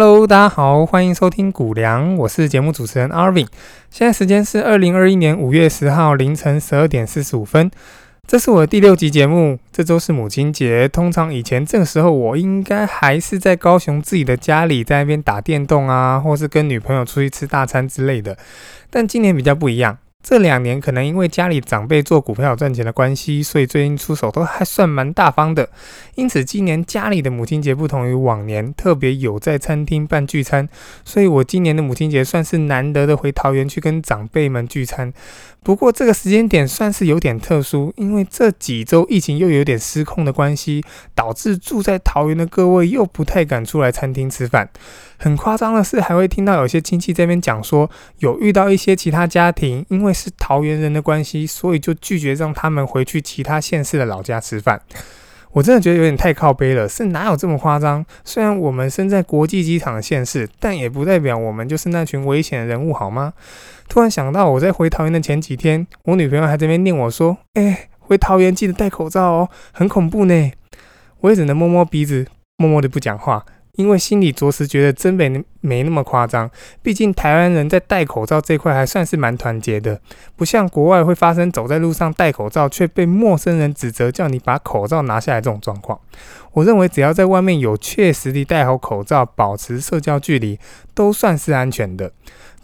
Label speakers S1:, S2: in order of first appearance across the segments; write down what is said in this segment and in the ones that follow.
S1: Hello，大家好，歡迎收聽股量，我是節目主持人 Arvin。現在時間是二零二一年五月十號凌晨十二點四十五分，這是我的第六集節目。這周是母親節，通常以前這個時候我應該還是在高雄自己的家裡，在那邊打電動啊，或是跟女朋友出去吃大餐之類的。但今年比較不一樣。這兩年可能因為家裡長輩做股票賺錢的關係，所以最近出手都還算蠻大方的。因此，今年家裡的母親節不同於往年，特別有在餐廳辦聚餐，所以我今年的母親節算是難得的回桃園去跟長輩們聚餐。不過，這個時間點算是有點特殊，因為這幾周疫情又有點失控的關係，導致住在桃園的各位又不太敢出來餐廳吃飯。很誇張的是，還會聽到有些親戚這邊講說，有遇到一些其他家庭，因為是桃園人的關係，所以就拒絕讓他們回去其他縣市的老家吃飯。 我真的覺得有點太靠北了，是哪有這麼誇張？雖然我們身在國際機場的縣市，但也不代表我們就是那群危險的人物，好嗎？突然想到，我在回桃園的前幾天，我女朋友還在那邊念我說：“誒、欸，回桃園記得戴口罩哦，很恐怖呢。”我也只能摸摸鼻子，默默的不講話。因為心裡着實覺得真沒沒那麼誇張，畢竟台灣人在戴口罩這塊還算是蠻團結的，不像國外會發生走在路上戴口罩卻被陌生人指責叫你把口罩拿下來這種狀況。我認為只要在外面有確實地戴好口罩，保持社交距離，都算是安全的。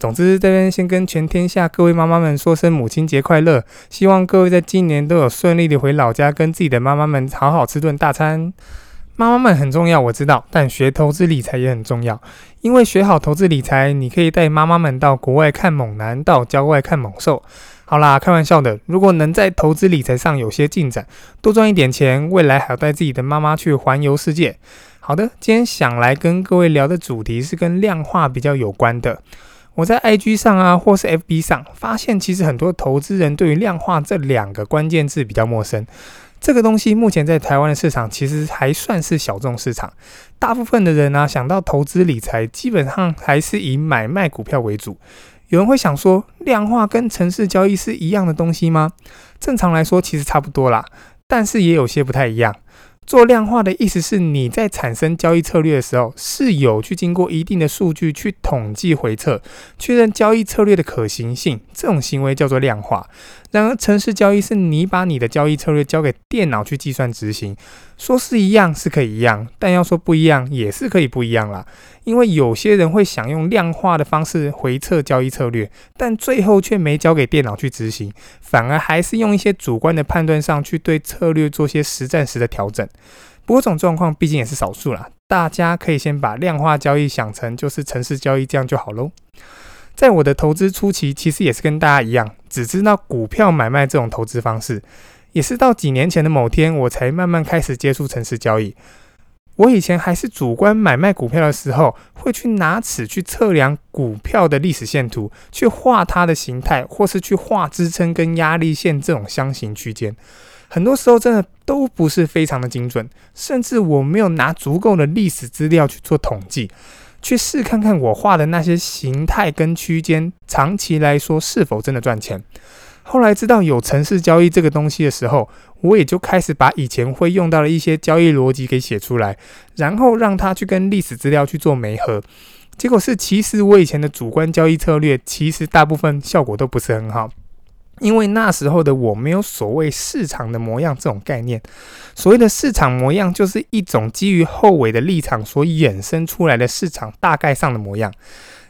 S1: 總之，這邊先跟全天下各位媽媽們說聲母親節快樂，希望各位在今年都有順利的回老家跟自己的媽媽們好好吃頓大餐。媽媽們很重要，我知道，但學投資理財也很重要，因為學好投資理財，你可以帶媽媽們到國外看猛男，到郊外看猛獸。好啦，開玩笑的。如果能在投資理財上有些進展，多賺一點錢，未來還要帶自己的媽媽去環遊世界。好的，今天想來跟各位聊的主題是跟量化比較有關的。我在 IG 上啊，或是 FB 上，發現其實很多投資人對於量化這兩個關鍵字比較陌生。這個東西目前在台灣的市場其實還算是小眾市場，大部分的人呢、啊、想到投資理財，基本上還是以買賣股票為主。有人會想說，量化跟程式交易是一樣的東西嗎？正常來說其實差不多啦，但是也有些不太一樣。做量化的意思是你在產生交易策略的時候，是有去經過一定的數據去統計回測，確認交易策略的可行性。這種行為叫做量化。然而，程式交易是你把你的交易策略交給電腦去計算執行，說是一樣是可以一樣，但要說不一樣也是可以不一樣啦。因為有些人會想用量化的方式回測交易策略，但最後卻沒交給電腦去執行，反而還是用一些主觀的判斷上去對策略做些實戰時的調整。不過這種狀況畢竟也是少數啦，大家可以先把量化交易想成就是程式交易這樣就好嘍。在我的投資初期，其實也是跟大家一樣，只知道股票買賣這種投資方式，也是到幾年前的某天，我才慢慢開始接觸程式交易。我以前還是主觀買賣股票的時候，會去拿尺去測量股票的歷史線圖，去畫它的形態，或是去畫支撐跟壓力線這種箱形區間。很多時候真的都不是非常的精準，甚至我沒有拿足夠的歷史資料去做統計，去試看看我畫的那些形態跟區間，長期來說是否真的賺錢。後來知道有程式交易這個東西的時候，我也就開始把以前會用到的一些交易邏輯給寫出來，然後讓它去跟歷史資料去做媒合。結果是，其實我以前的主觀交易策略，其實大部分效果都不是很好，因為那時候的我沒有所謂市場的模樣這種概念。所謂的市場模樣，就是一種基於後尾的立場所衍生出來的市場大概上的模樣。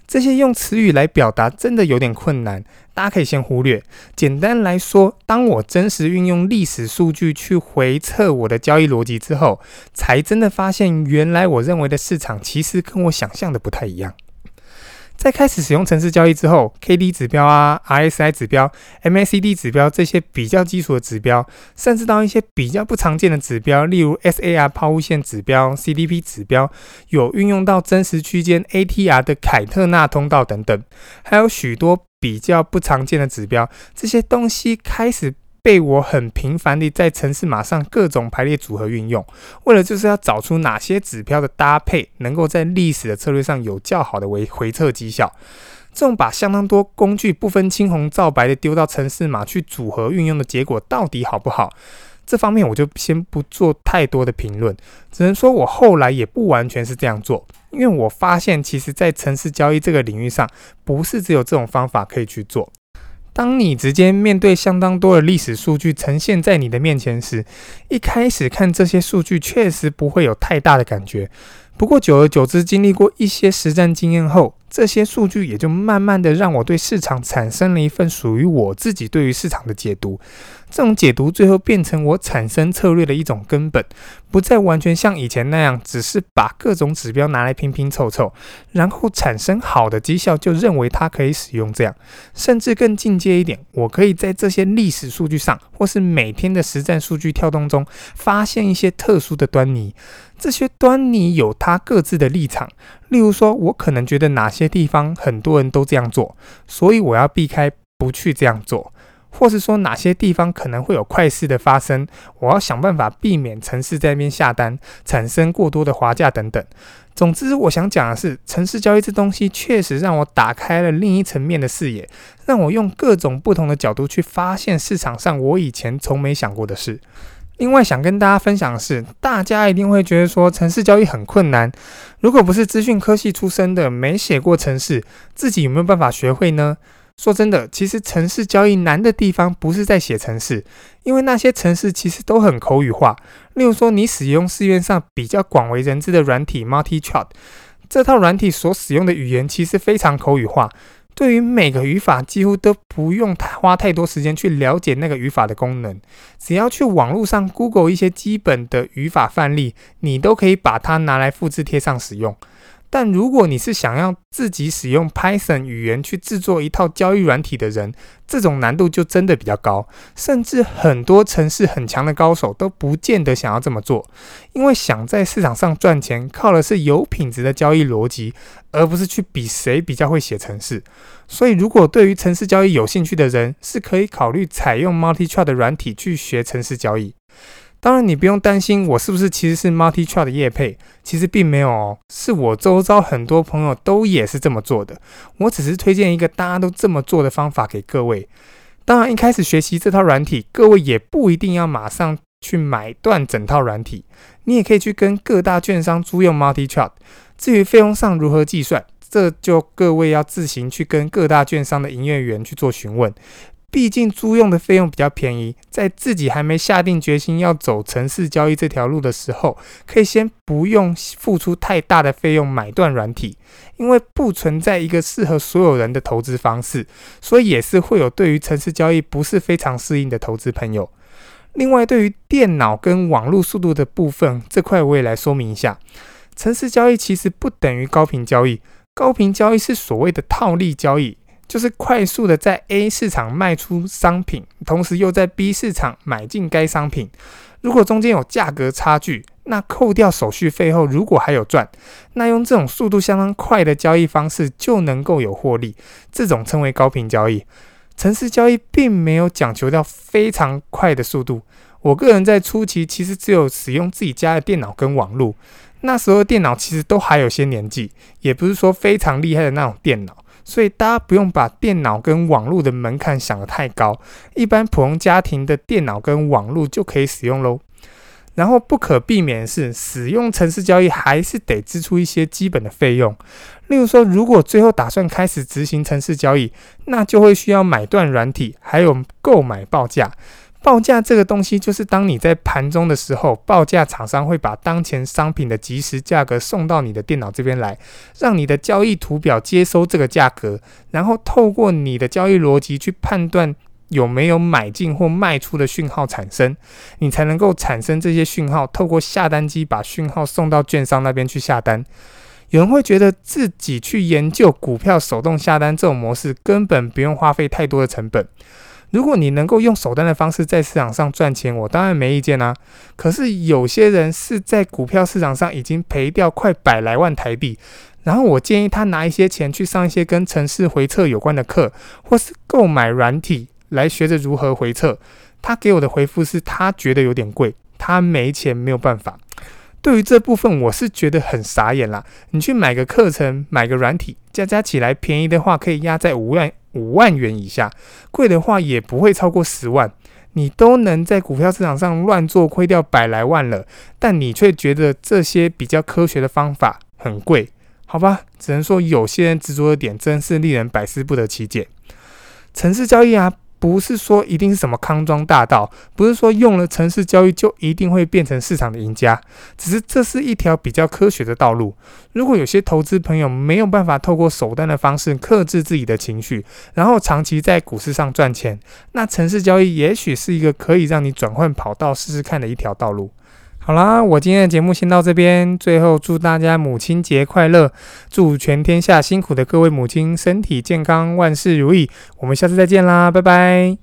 S1: 這些用詞語來表達真的有點困難，大家可以先忽略。簡單來說，當我真實運用歷史數據去回測我的交易邏輯之後，才真的發現原來我認為的市場其實跟我想象的不太一樣。在開始使用程式交易之後，K D 指標啊，R S I 指標，M A C D 指標，這些比較基礎的指標，甚至到一些比較不常見的指標，例如 S A R 拋物線指標、C D P 指標，有運用到真實區間 A T R 的凱特納通道等等，還有許多比較不常見的指標，這些東西開始。被我很頻繁的在程式碼上各種排列組合運用，為了就是要找出哪些指標的搭配能夠在歷史的策略上有較好的回測績效。這種把相當多工具不分青紅皂白的丟到程式碼去組合運用的結果到底好不好？這方面我就先不做太多的評論，只能說我後來也不完全是這樣做，因為我發現其實在程式交易這個領域上，不是只有這種方法可以去做。當你直接面對相當多的歷史數據呈現在你的面前時，一開始看這些數據確實不會有太大的感覺。不過，久而久之，經歷過一些實戰經驗後，這些數據也就慢慢的讓我對市場產生了一份屬於我自己對於市場的解讀。這種解讀最後變成我產生策略的一種根本，不再完全像以前那樣，只是把各種指標拿來拼拼湊湊，然後產生好的績效就認為它可以使用這樣。甚至更進階一點，我可以在這些歷史數據上，或是每天的實戰數據跳動中，發現一些特殊的端倪。這些端倪有它各自的立場，例如說，我可能覺得哪些地方很多人都這樣做，所以我要避開不去這樣做。或是說哪些地方可能會有快事的發生，我要想辦法避免程式在那邊下單產生過多的滑價等等。總之，我想講的是，程式交易這東西確實讓我打開了另一層面的視野，讓我用各種不同的角度去發現市場上我以前從沒想過的事。另外，想跟大家分享的是，大家一定會覺得說程式交易很困難。如果不是資訊科系出身的，沒寫過程式，自己有沒有辦法學會呢？說真的，其實程式交易難的地方不是在寫程式，因為那些程式其實都很口語化。例如說，你使用市面上比較廣為人知的軟體 Multi Chart，這套軟體所使用的語言其實非常口語化，對於每個語法幾乎都不用花太多時間去了解那個語法的功能，只要去網絡上 Google 一些基本的語法範例，你都可以把它拿來複製貼上使用。但如果你是想要自己使用 Python 語言去製作一套交易軟體的人，這種難度就真的比較高，甚至很多程式很強的高手都不見得想要這麼做，因為想在市場上賺錢，靠的是有品質的交易邏輯，而不是去比誰比較會寫程式。所以，如果對於程式交易有興趣的人，是可以考慮採用 Multi Chart 軟體去學程式交易。當然，你不用擔心我是不是其實是 Multi Chart 的業配，其實並沒有哦，是我周遭很多朋友都也是這麼做的。我只是推薦一個大家都這麼做的方法給各位。當然，一開始學習這套軟體，各位也不一定要馬上去買斷整套軟體，你也可以去跟各大券商租用 Multi Chart。至於費用上如何計算，這就各位要自行去跟各大券商的營業員去做詢問。畢竟租用的費用比較便宜，在自己還沒下定決心要走程式交易這條路的時候，可以先不用付出太大的費用買斷軟體，因為不存在一個適合所有人的投資方式，所以也是會有對於程式交易不是非常適應的投資朋友。另外，對於電腦跟網絡速度的部分，這塊我也來說明一下。程式交易其實不等於高頻交易，高頻交易是所謂的套利交易。就是快速的在 A 市場賣出商品，同時又在 B 市場買進該商品。如果中間有價格差距，那扣掉手續費後，如果還有賺，那用這種速度相當快的交易方式就能夠有獲利。這種稱為高頻交易。程式交易並沒有講求到非常快的速度。我個人在初期其實只有使用自己家的電腦跟網路，那時候的電腦其實都還有些年紀，也不是說非常厲害的那種電腦。所以大家不用把電腦跟網絡的門檻想得太高，一般普通家庭的電腦跟網絡就可以使用嘍。然後不可避免的是，使用程式交易還是得支出一些基本的費用，例如說，如果最後打算開始執行程式交易，那就會需要買斷軟體，還有購買報價。報價這個東西，就是當你在盤中的時候，報價廠商會把當前商品的即時價格送到你的電腦這邊來，讓你的交易圖表接收這個價格，然後透過你的交易邏輯去判斷有沒有買進或賣出的訊號產生，你才能夠產生這些訊號，透過下單機把訊號送到券商那邊去下單。有人會覺得自己去研究股票手動下單這種模式，根本不用花費太多的成本。如果你能夠用手段的方式在市場上賺錢，我當然沒意見啦、啊。可是有些人是在股票市場上已經賠掉快百來萬台幣，然後我建議他拿一些錢去上一些跟程式回測有關的課，或是購買軟體來學着如何回測。他給我的回覆是他覺得有點貴，他沒錢沒有辦法。對於這部分，我是覺得很傻眼啦。你去買個課程，買個軟體，加加起來便宜的話，可以壓在五萬。五萬元以下，貴的話也不會超過十萬，你都能在股票市場上亂做虧掉百來萬了，但你卻覺得這些比較科學的方法很貴。好吧，只能說有些人執着的點真是令人百思不得其解。程式交易啊。不是說一定是什麼康莊大道，不是說用了程式交易就一定會變成市場的贏家，只是這是一條比較科學的道路。如果有些投資朋友沒有辦法透過手段的方式克制自己的情緒，然後長期在股市上賺錢，那程式交易也許是一個可以讓你轉換跑道試試看的一條道路。好啦，我今天的節目先到這邊。最後，祝大家母親節快樂！祝全天下辛苦的各位母親身體健康，萬事如意。我們下次再見啦，拜拜。